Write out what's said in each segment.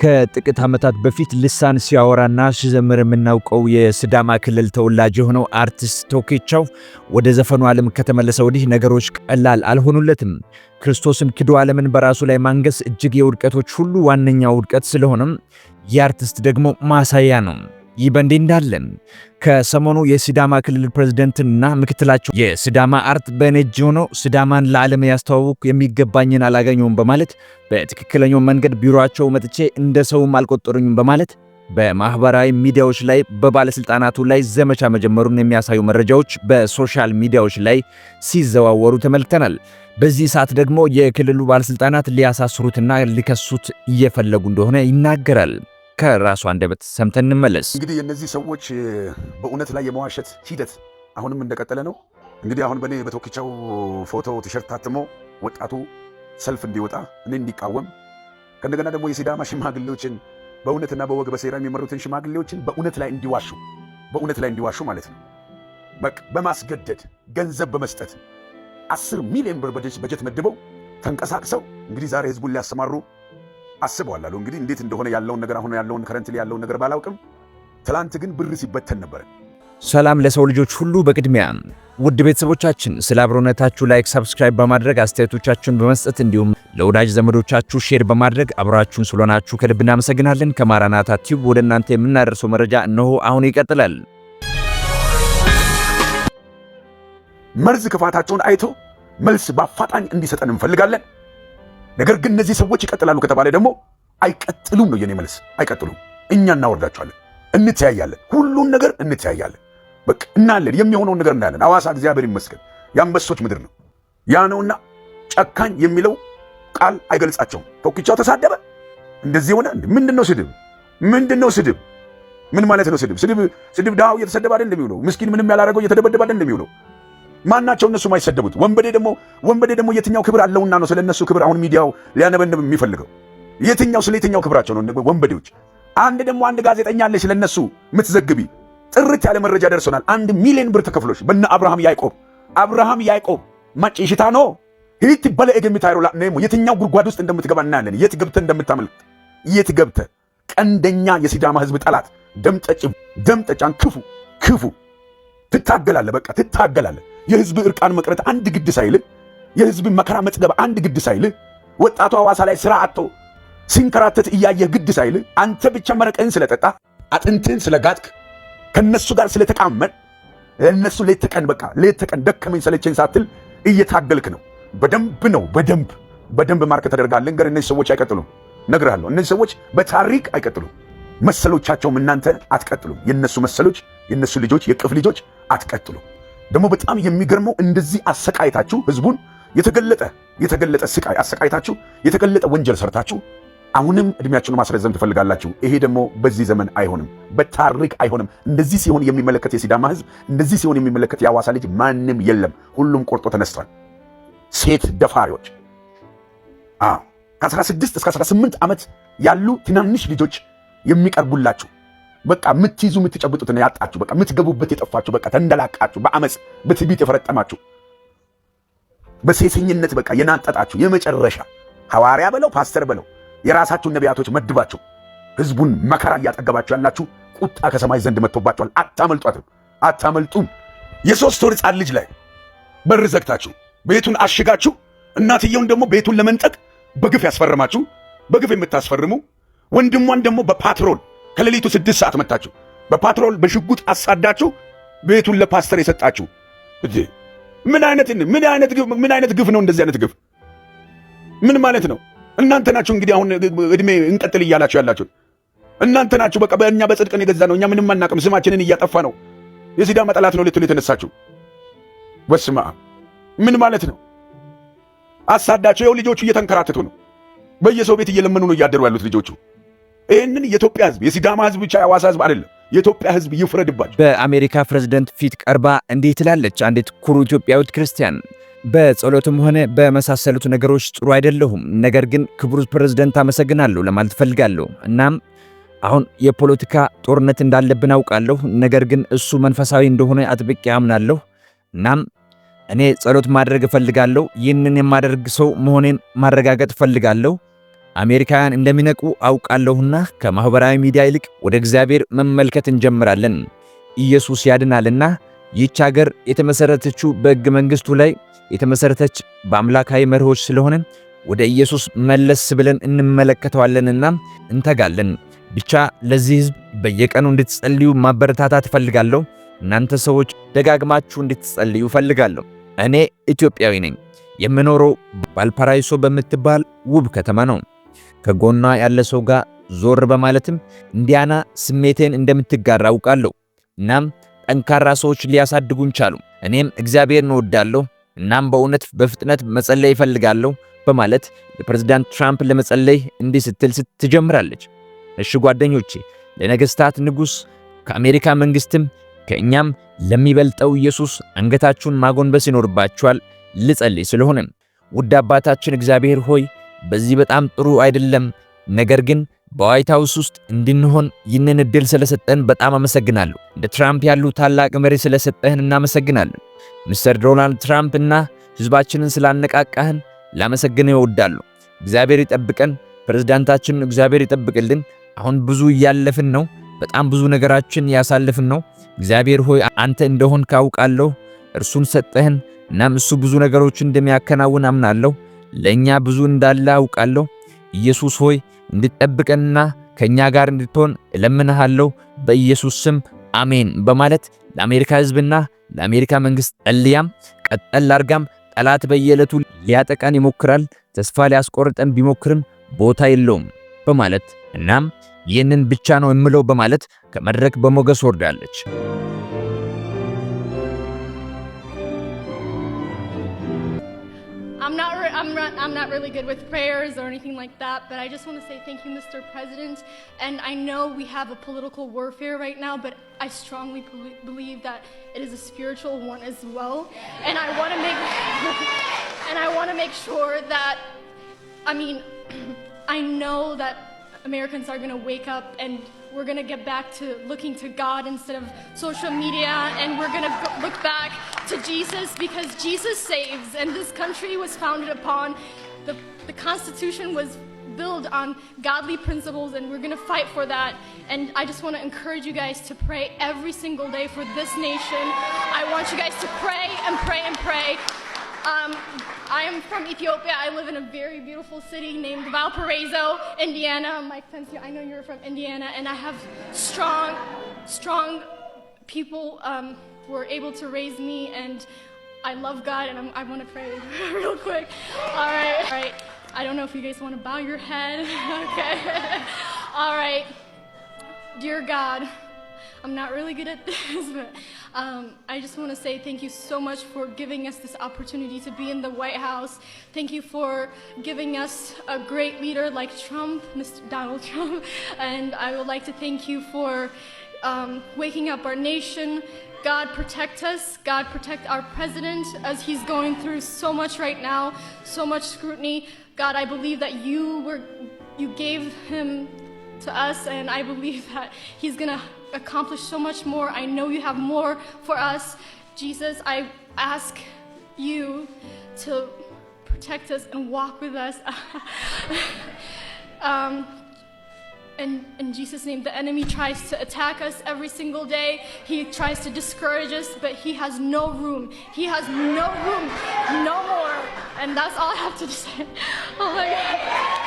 ከጥቂት ዓመታት በፊት ልሳን ሲያወራና ሲዘምር የምናውቀው የስዳማ ክልል ተወላጅ የሆነው አርቲስት ቶኬቻው ወደ ዘፈኑ ዓለም ከተመለሰ ወዲህ ነገሮች ቀላል አልሆኑለትም። ክርስቶስን ክዶ ዓለምን በራሱ ላይ ማንገስ እጅግ የውድቀቶች ሁሉ ዋነኛ ውድቀት ስለሆነም የአርቲስት ደግሞ ማሳያ ነው። ይህ በእንዲህ እንዳለም ከሰሞኑ የሲዳማ ክልል ፕሬዝደንትና ምክትላቸው የሲዳማ አርት በነጅ ሆኖ ሲዳማን ለዓለም ያስተዋውቅ የሚገባኝን አላገኘውም በማለት በትክክለኛው መንገድ ቢሮቸው መጥቼ እንደ ሰውም አልቆጠሩኝም በማለት በማህበራዊ ሚዲያዎች ላይ በባለስልጣናቱ ላይ ዘመቻ መጀመሩን የሚያሳዩ መረጃዎች በሶሻል ሚዲያዎች ላይ ሲዘዋወሩ ተመልክተናል። በዚህ ሰዓት ደግሞ የክልሉ ባለስልጣናት ሊያሳስሩትና ሊከሱት እየፈለጉ እንደሆነ ይናገራል። ከራሱ አንደበት ሰምተን እንመለስ። እንግዲህ የእነዚህ ሰዎች በእውነት ላይ የመዋሸት ሂደት አሁንም እንደቀጠለ ነው። እንግዲህ አሁን በእኔ በቶኪቻው ፎቶ ቲሸርት ታትሞ ወጣቱ ሰልፍ እንዲወጣ እኔ እንዲቃወም ከእንደገና ደግሞ የሲዳማ ሽማግሌዎችን በእውነትና በወግ በሴራ የሚመሩትን ሽማግሌዎችን በእውነት ላይ እንዲዋሹ በእውነት ላይ እንዲዋሹ ማለት ነው። በማስገደድ ገንዘብ በመስጠት አስር ሚሊዮን ብር በጀት መድበው ተንቀሳቅሰው እንግዲህ ዛሬ ህዝቡን ሊያሰማሩ አስበዋላሉ። እንግዲህ እንዴት እንደሆነ ያለውን ነገር አሁን ያለውን ከረንት ያለውን ነገር ባላውቅም፣ ትላንት ግን ብር ሲበተን ነበር። ሰላም ለሰው ልጆች ሁሉ። በቅድሚያ ውድ ቤተሰቦቻችን ስለ አብሮነታችሁ ላይክ፣ ሰብስክራይብ በማድረግ አስተያየቶቻችሁን በመስጠት እንዲሁም ለወዳጅ ዘመዶቻችሁ ሼር በማድረግ አብራችሁን ስለሆናችሁ ከልብ እናመሰግናለን። ከማራናታ ቲዩብ ወደ እናንተ የምናደርሰው መረጃ እነሆ አሁን ይቀጥላል። መርዝ ክፋታቸውን አይቶ መልስ በአፋጣኝ እንዲሰጠን እንፈልጋለን። ነገር ግን እነዚህ ሰዎች ይቀጥላሉ ከተባለ ደግሞ አይቀጥሉም ነው የኔ መልስ። አይቀጥሉም። እኛ እናወርዳቸዋለን፣ እንተያያለን፣ ሁሉን ነገር እንተያያለን። በቃ እናያለን፣ የሚሆነውን ነገር እናያለን። አዋሳ እግዚአብሔር ይመስገን የአንበሶች ምድር ነው። ያ ነውና ጨካኝ የሚለው ቃል አይገልጻቸውም። ቶክቻው ተሳደበ፣ እንደዚህ ሆነ። ምንድን ነው ስድብ? ምንድን ነው ስድብ? ምን ማለት ነው ስድብ? ስድብ ዳው እየተሰደበ አይደል እንደሚውለው? ምስኪን ምንም ያላረገው እየተደበደበ አይደል እንደሚውለው? ማናቸው እነሱ የማይሰደቡት? ወንበዴ ደግሞ ወንበዴ ደግሞ የትኛው ክብር አለውና ነው ስለ እነሱ ክብር አሁን ሚዲያው ሊያነበንብ የሚፈልገው? የትኛው ስለ የትኛው ክብራቸው ነው ወንበዴዎች? አንድ ደግሞ አንድ ጋዜጠኛ አለች ስለ እነሱ የምትዘግቢ ጥርት ያለ መረጃ ደርሶናል። አንድ ሚሊዮን ብር ተከፍሎች በነ አብርሃም ያዕቆብ አብርሃም ያዕቆብ ማጭ ሽታ ነው ሂት በለ እገምታይሮላ ነሞ የትኛው ጉድጓድ ውስጥ እንደምትገባ እናያለን። የት ገብተ እንደምታመልክ የት ገብተ ቀንደኛ የሲዳማ ህዝብ ጠላት ደምጠጭ ደምጠጫን ክፉ ክፉ ትታገላለ። በቃ ትታገላለ። የህዝብ እርቃን መቅረት አንድ ግድ ሳይልህ፣ የህዝብ መከራ መጥገብ አንድ ግድ ሳይልህ፣ ወጣቱ ሐዋሳ ላይ ስራ አጥቶ ሲንከራተት እያየህ ግድ ሳይልህ፣ አንተ ብቻ መረቀህን ስለጠጣ አጥንትህን ስለጋጥክ ከእነሱ ጋር ስለተቃመን ለነሱ ሌት ተቀን በቃ ሌት ተቀን ደከመኝ ሰለቸኝ ሳትል እየታገልክ ነው። በደንብ ነው በደንብ በደንብ ማርክ ተደርጋል። ልንገር፣ እነዚህ ሰዎች አይቀጥሉም። ነግርሃለሁ፣ እነዚህ ሰዎች በታሪክ አይቀጥሉም። መሰሎቻቸውም እናንተ አትቀጥሉም። የእነሱ መሰሎች፣ የእነሱ ልጆች፣ የቅፍ ልጆች አትቀጥሉም። ደግሞ በጣም የሚገርመው እንደዚህ አሰቃይታችሁ ህዝቡን የተገለጠ የተገለጠ ስቃይ አሰቃይታችሁ የተገለጠ ወንጀል ሰርታችሁ አሁንም እድሜያችሁን ማስረዘም ትፈልጋላችሁ። ይሄ ደግሞ በዚህ ዘመን አይሆንም፣ በታሪክ አይሆንም። እንደዚህ ሲሆን የሚመለከት የሲዳማ ህዝብ፣ እንደዚህ ሲሆን የሚመለከት የአዋሳ ልጅ ማንም የለም። ሁሉም ቆርጦ ተነስቷል። ሴት ደፋሪዎች ከ16 እስከ 18 ዓመት ያሉ ትናንሽ ልጆች የሚቀርቡላችሁ በቃ የምትይዙ የምትጨብጡት ነው ያጣችሁ። በቃ የምትገቡበት የጠፋችሁ፣ በቃ ተንደላቃችሁ፣ በአመፅ በትቢት የፈረጠማችሁ፣ በሴሰኝነት በቃ የናጠጣችሁ የመጨረሻ ሐዋርያ በለው ፓስተር በለው የራሳችሁን ነቢያቶች መድባችሁ ህዝቡን መከራ እያጠገባችሁ ያላችሁ ቁጣ ከሰማይ ዘንድ መጥቶባችኋል። አታመልጧትም፣ አታመልጡም። የሶስት ወር ህፃን ልጅ ላይ በር ዘግታችሁ ቤቱን አሽጋችሁ እናትየውን ደግሞ ቤቱን ለመንጠቅ በግፍ ያስፈርማችሁ በግፍ የምታስፈርሙ ወንድሟን ደግሞ በፓትሮል ከሌሊቱ ስድስት ሰዓት መታችሁ፣ በፓትሮል በሽጉጥ አሳዳችሁ፣ ቤቱን ለፓስተር የሰጣችሁ ምን አይነት ምን አይነት ምን አይነት ግፍ ነው? እንደዚህ አይነት ግፍ ምን ማለት ነው? እናንተ ናችሁ እንግዲህ አሁን እድሜ እንቀጥል እያላችሁ ያላችሁ እናንተ ናችሁ። በቃ በእኛ በጽድቅን የገዛ ነው፣ እኛ ምንም አናቅም፣ ስማችንን እያጠፋ ነው፣ የሲዳማ ጠላት ነው ልትሉ የተነሳችሁ ወስማ ምን ማለት ነው? አሳዳቸው። ይኸው ልጆቹ እየተንከራተቱ ነው። በየሰው ቤት እየለመኑ ነው እያደሩ ያሉት ልጆቹ። ይህንን የኢትዮጵያ ህዝብ የሲዳማ ህዝብ ብቻ የአዋሳ ህዝብ አይደለም የኢትዮጵያ ህዝብ ይፍረድባቸው። በአሜሪካ ፕሬዝደንት ፊት ቀርባ እንዲህ ትላለች አንዲት ኩሩ ኢትዮጵያዊት ክርስቲያን በጸሎትም ሆነ በመሳሰሉት ነገሮች ጥሩ አይደለሁም። ነገር ግን ክቡር ፕሬዝደንት አመሰግናለሁ ለማለት ፈልጋለሁ። እናም አሁን የፖለቲካ ጦርነት እንዳለብን አውቃለሁ። ነገር ግን እሱ መንፈሳዊ እንደሆነ አጥብቄ አምናለሁ። እናም እኔ ጸሎት ማድረግ እፈልጋለሁ። ይህንን የማደርግ ሰው መሆኔን ማረጋገጥ እፈልጋለሁ። አሜሪካውያን እንደሚነቁ አውቃለሁና ከማኅበራዊ ሚዲያ ይልቅ ወደ እግዚአብሔር መመልከት እንጀምራለን። ኢየሱስ ያድናልና ይህች አገር የተመሠረተችው በሕገ መንግሥቱ ላይ የተመሠረተች በአምላካዊ መርሆች ስለሆነ ወደ ኢየሱስ መለስ ብለን እንመለከተዋለንና እንተጋለን። ብቻ ለዚህ ሕዝብ በየቀኑ እንድትጸልዩ ማበረታታት እፈልጋለሁ። እናንተ ሰዎች ደጋግማችሁ እንድትጸልዩ እፈልጋለሁ። እኔ ኢትዮጵያዊ ነኝ። የምኖረው ባልፓራይሶ በምትባል ውብ ከተማ ነው። ከጎኗ ያለ ሰው ጋር ዞር በማለትም እንዲያና ስሜቴን እንደምትጋራ አውቃለሁ። እናም ጠንካራ ሰዎች ሊያሳድጉን ቻሉ። እኔም እግዚአብሔርን እወዳለሁ፣ እናም በእውነት በፍጥነት መጸለይ ይፈልጋለሁ በማለት ለፕሬዝዳንት ትራምፕ ለመጸለይ እንዲህ ስትል ትጀምራለች። እሺ ጓደኞቼ፣ ለነገሥታት ንጉሥ ከአሜሪካ መንግሥትም ከእኛም ለሚበልጠው ኢየሱስ አንገታችሁን ማጎንበስ ይኖርባችኋል። ልጸልይ ስለሆነም ውድ አባታችን እግዚአብሔር ሆይ በዚህ በጣም ጥሩ አይደለም። ነገር ግን በዋይት ሃውስ ውስጥ እንድንሆን ይህንን እድል ስለሰጠህን በጣም አመሰግናለሁ። እንደ ትራምፕ ያሉ ታላቅ መሪ ስለሰጠህን እናመሰግናለን። ሚስተር ዶናልድ ትራምፕ እና ህዝባችንን ስላነቃቃህን ላመሰግን ይወዳሉ። እግዚአብሔር ይጠብቀን። ፕሬዝዳንታችንን እግዚአብሔር ይጠብቅልን። አሁን ብዙ እያለፍን ነው። በጣም ብዙ ነገራችን ያሳልፍን ነው። እግዚአብሔር ሆይ አንተ እንደሆን ካውቃለሁ። እርሱን ሰጠህን። እናም እሱ ብዙ ነገሮችን እንደሚያከናውን አምናለሁ። ለእኛ ብዙ እንዳለ አውቃለሁ። ኢየሱስ ሆይ እንድጠብቀንና ከእኛ ጋር እንድትሆን እለምንሃለሁ በኢየሱስ ስም አሜን በማለት ለአሜሪካ ሕዝብና ለአሜሪካ መንግስት ጠልያም ቀጠል አርጋም ጠላት በየዕለቱ ሊያጠቃን ይሞክራል፣ ተስፋ ሊያስቆርጠን ቢሞክርም ቦታ የለውም በማለት እናም ይህንን ብቻ ነው የምለው በማለት ከመድረክ በሞገስ ወርዳለች። I'm not, re- I'm, re- I'm not really good with prayers or anything like that, but I just want to say thank you, Mr. President. And I know we have a political warfare right now, but I strongly believe that it is a spiritual one as well. And I want to make, and I want to make sure that, I mean, I know that Americans are going to wake up and we're going to get back to looking to God instead of social media, and we're going to look back to Jesus because Jesus saves, and this country was founded upon the, the Constitution was built on godly principles, and we're going to fight for that. And I just want to encourage you guys to pray every single day for this nation. I want you guys to pray and pray and pray um, I'm from Ethiopia. I live in a very beautiful city named Valparaiso, Indiana. Mike Pence, I know you're from Indiana, and I have strong, strong people um, who are able to raise me, and I love God, and I'm, i want to pray real quick. All right, all right. I don't know if you guys want to bow your head. okay. all right. Dear God, I'm not really good at this, but um, I just want to say thank you so much for giving us this opportunity to be in the White House. Thank you for giving us a great leader like Trump, Mr. Donald Trump. And I would like to thank you for um, waking up our nation. God protect us. God protect our president as he's going through so much right now, so much scrutiny. God, I believe that you were, you gave him to us, and I believe that He's gonna accomplish so much more. I know you have more for us. Jesus, I ask you to protect us and walk with us. um, and in Jesus' name, the enemy tries to attack us every single day. He tries to discourage us, but he has no room. He has no room, no more. And that's all I have to say. Oh my God.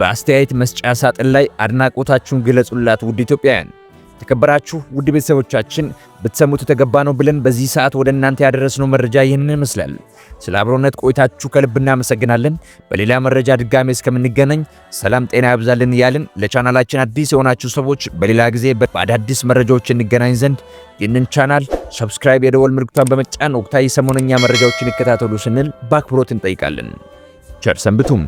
በአስተያየት መስጫ ሳጥን ላይ አድናቆታችሁን ግለጹላት። ውድ ኢትዮጵያውያን የተከበራችሁ ውድ ቤተሰቦቻችን ብትሰሙት የተገባ ነው ብለን በዚህ ሰዓት ወደ እናንተ ያደረስነው መረጃ ይህንን ይመስላል። ስለ አብሮነት ቆይታችሁ ከልብ እናመሰግናለን። በሌላ መረጃ ድጋሜ እስከምንገናኝ ሰላም ጤና ያብዛልን እያልን ለቻናላችን አዲስ የሆናችሁ ሰዎች በሌላ ጊዜ በአዳዲስ መረጃዎች እንገናኝ ዘንድ ይህንን ቻናል ሰብስክራይብ፣ የደወል ምልክቷን በመጫን ወቅታዊ ሰሞነኛ መረጃዎችን ይከታተሉ ስንል በአክብሮት እንጠይቃለን። ቸር ሰንብቱም።